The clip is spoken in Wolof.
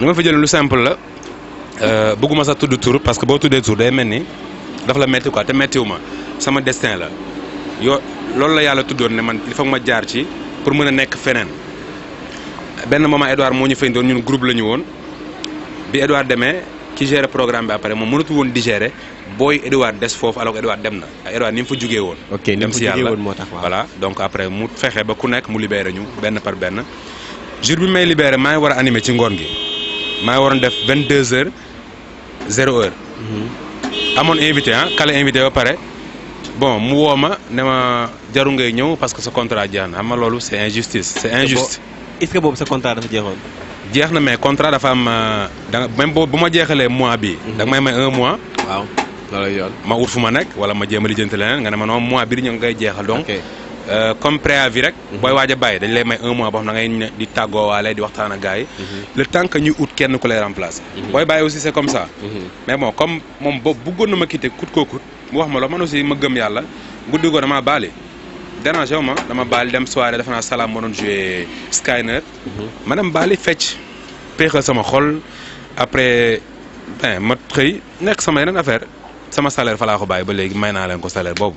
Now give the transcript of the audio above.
li ma fa jëlee lu simple la euh, bëgguma sa tudd tur parce que boo tuddee tur day mel ni daf la metti quoi te méttiwu ma sama destin la yoo loolu la yàlla tuddoon ne man il faut ma jaar ci pour mën a nekk feneen benn moment Edouard moo ñu fay doon ñun groupe la ñu woon bi Edouard demee ki géré programme bi après moom mënatu woon di gérer booy Edouard des foofu alors Edouard dem na ak Edouard ni mu fa woon. ok ni mu fa jugee moo tax voilà donc après mu fexe ba ku nekk mu libéré ñu benn par benn jour bi may libéré maa ngi war a animé ci ngoon gi. maa ngi waroon def 22 deux heures zéro heure. Mhm. amoon invité ah kale invité ba pare bon mu woo ma ne ma jaru ngay ñëw parce que sa contrat jeex na xam nga loolu c' est injustice. c' est injuste est ce que boobu sa contrat dafa jeexoon. jeex na mais contrat dafa am euh, da nga même boobu bu ma jeexalee mois bi mhm. da nga may may un mois. waaw loolu yoon ma ut fu ma nekk wala ma jéem a lijjanti leneen nga ne ma non mois ñu ngi koy jeexal donc. Euh, comme préavis rek mhm. boy waja baye dañ lay may un mois bo xam na ngay di tàggoowaale di waxtaan ak gars mhm. le temps que ñu out kenn ku lay remplacer mhm. booy baye aussi c'est comme ça mais bon comme mom boobu bëggoon na ma quitter coûte que coûte mu wax ma loolu man aussi ma gëm yalla guddi goo damaa baale dérangé wu ma dama balé dem soirée dafa salam mo ma jouer joué Skyner ma dem baali fecc sama xol après ben ma xëy nek sama yeneen affaire sama salaire fa ko baye ba légui may naa ko salaire boobu